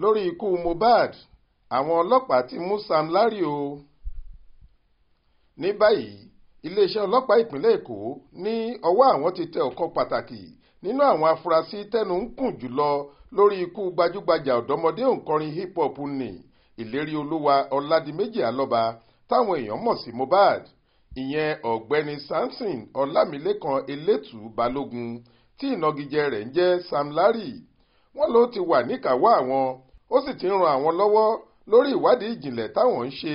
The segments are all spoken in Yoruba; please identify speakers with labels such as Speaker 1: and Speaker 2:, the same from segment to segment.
Speaker 1: lórí ikú mohbad àwọn ọlọ́pàá ti mú sam larry o ní báyìí iléeṣẹ́ ọlọ́pàá ìpínlẹ̀ èkó ní ọwọ́ àwọn ti tẹ ọ̀kan pàtàkì nínú àwọn afurasí tẹnu ń kùn jùlọ lórí ikú gbajúgbajà ọ̀dọ́mọdé òǹkọrin hip hop nì ìlérí olúwa ọ̀làdìmẹ́jì alọ́ba táwọn èèyàn mọ̀ sí mohbad ìyẹn ọ̀gbẹ́ni samson ọlámilékan elétù balógun tí ìnagijẹ rẹ̀ ń jẹ́ sam larry wọ́n ló ti wà níkàáwọ́ àwọn ó sì ti ń ran àwọn lọ́wọ́ lórí ìwádìí ìjìnlẹ̀ táwọn ń ṣe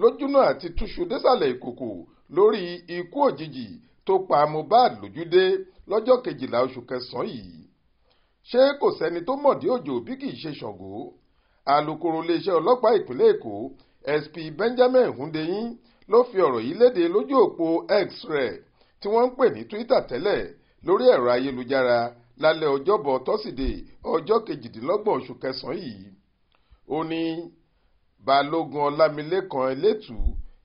Speaker 1: lójúnà àti túṣu désàlẹ̀ ìkòkò lórí ikú òjijì tó pa Mohbad lójúdé lọ́jọ́ kejìlá oṣù kẹsàn-án yìí ṣé kò sẹ́ni tó mọ̀dí òjò bí kì í ṣe Ṣàngó alukoro iléeṣẹ́ ọlọ́pàá ìpínlẹ̀ Èkó SP Benjamin Hundeyin ló fi ọ̀rọ̀ yìí léde lójú òpó X rẹ̀ tí wọ́n ń pè ní Twitter tẹ́lẹ̀ lórí ẹ̀rọ ayélujára lálẹ́ ọjọ́bọ̀ tọ́sídẹ̀ẹ́ ọjọ́ kejìdínlọ́gbọ̀n oṣù kẹsàn-án yìí ó ní balógun ọlámilékan elétù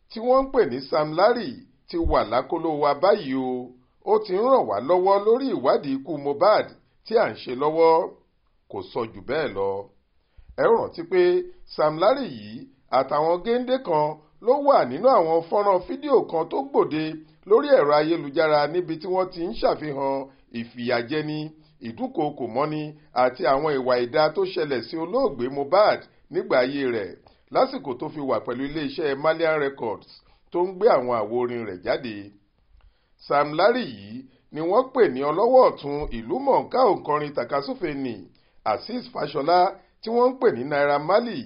Speaker 1: tí wọ́n ń pè ní Sam Larry ti wà lákọlò wa báyìí o ó ti ń ràn wá lọ́wọ́ lórí ìwádìí ikú Mohbad tí à ń ṣe lọ́wọ́ kò sọ jù bẹ́ẹ̀ lọ ẹ rántí pé Sam Larry yìí àtàwọn géńdé kan ló wà nínú àwọn fọ́nrán fídíò kan tó gbòde lórí ẹ̀rọ ayélujára níbi tí wọ́n ti ń ṣàfihàn ìfìyàjẹni ìdúnkookò mọ́ni àti àwọn ìwà ìdá tó ṣẹlẹ̀ sí olóògbé Mohbad nígbà ayé rẹ̀ lásìkò tó fi wà pẹ̀lú iléeṣẹ́ Malian Records tó ń gbé àwọn àwo orin rẹ̀ jáde Sam Larry yìí ni wọ́n pè ní ọlọ́wọ́ ọ̀tún ìlú mọ̀ọ́ká òǹkọrin tàkasúfè ní Azeez Fáṣọlá tí wọ́n ń pè ní Naira Marley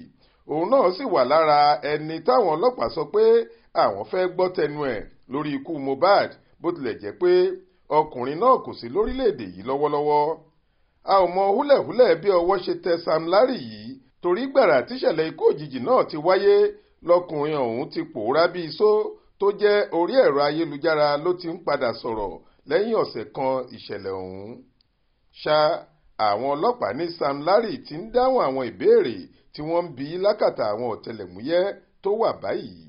Speaker 1: òun náà sì wà lára ẹni táwọn ọlọ́pàá sọ pé àwọn fẹ́ gbọ́ tẹnu ẹ̀ lórí ikú Mohbad bó tilẹ̀ jẹ́ pé ọkùnrin náà kò sí lórílẹ̀‐èdè yìí lọ́wọ́lọ́wọ́ a ò mọ húlẹ̀húlẹ̀ bí ọwọ́ ṣe tẹ Sam Larry yìí torí gbàrà tíṣẹ̀lẹ̀ ikú òjijì náà ti wáyé lọkùnrin ọ̀hún ti pòórá bí iṣó tó jẹ́ orí ẹ̀rọ ayélujára ló ti ń padà sọ̀rọ̀ lẹ́yìn ọ̀sẹ̀ kan ìṣẹ̀lẹ̀ ọ̀hún ṣá àwọn ọlọ́pàá ní Sam Larry ti ń dáhùn àwọn ìbéèrè tí wọ́n ń bi lákàtà àwọn ọ̀tẹlẹ̀múyẹ́ tó wà báyìí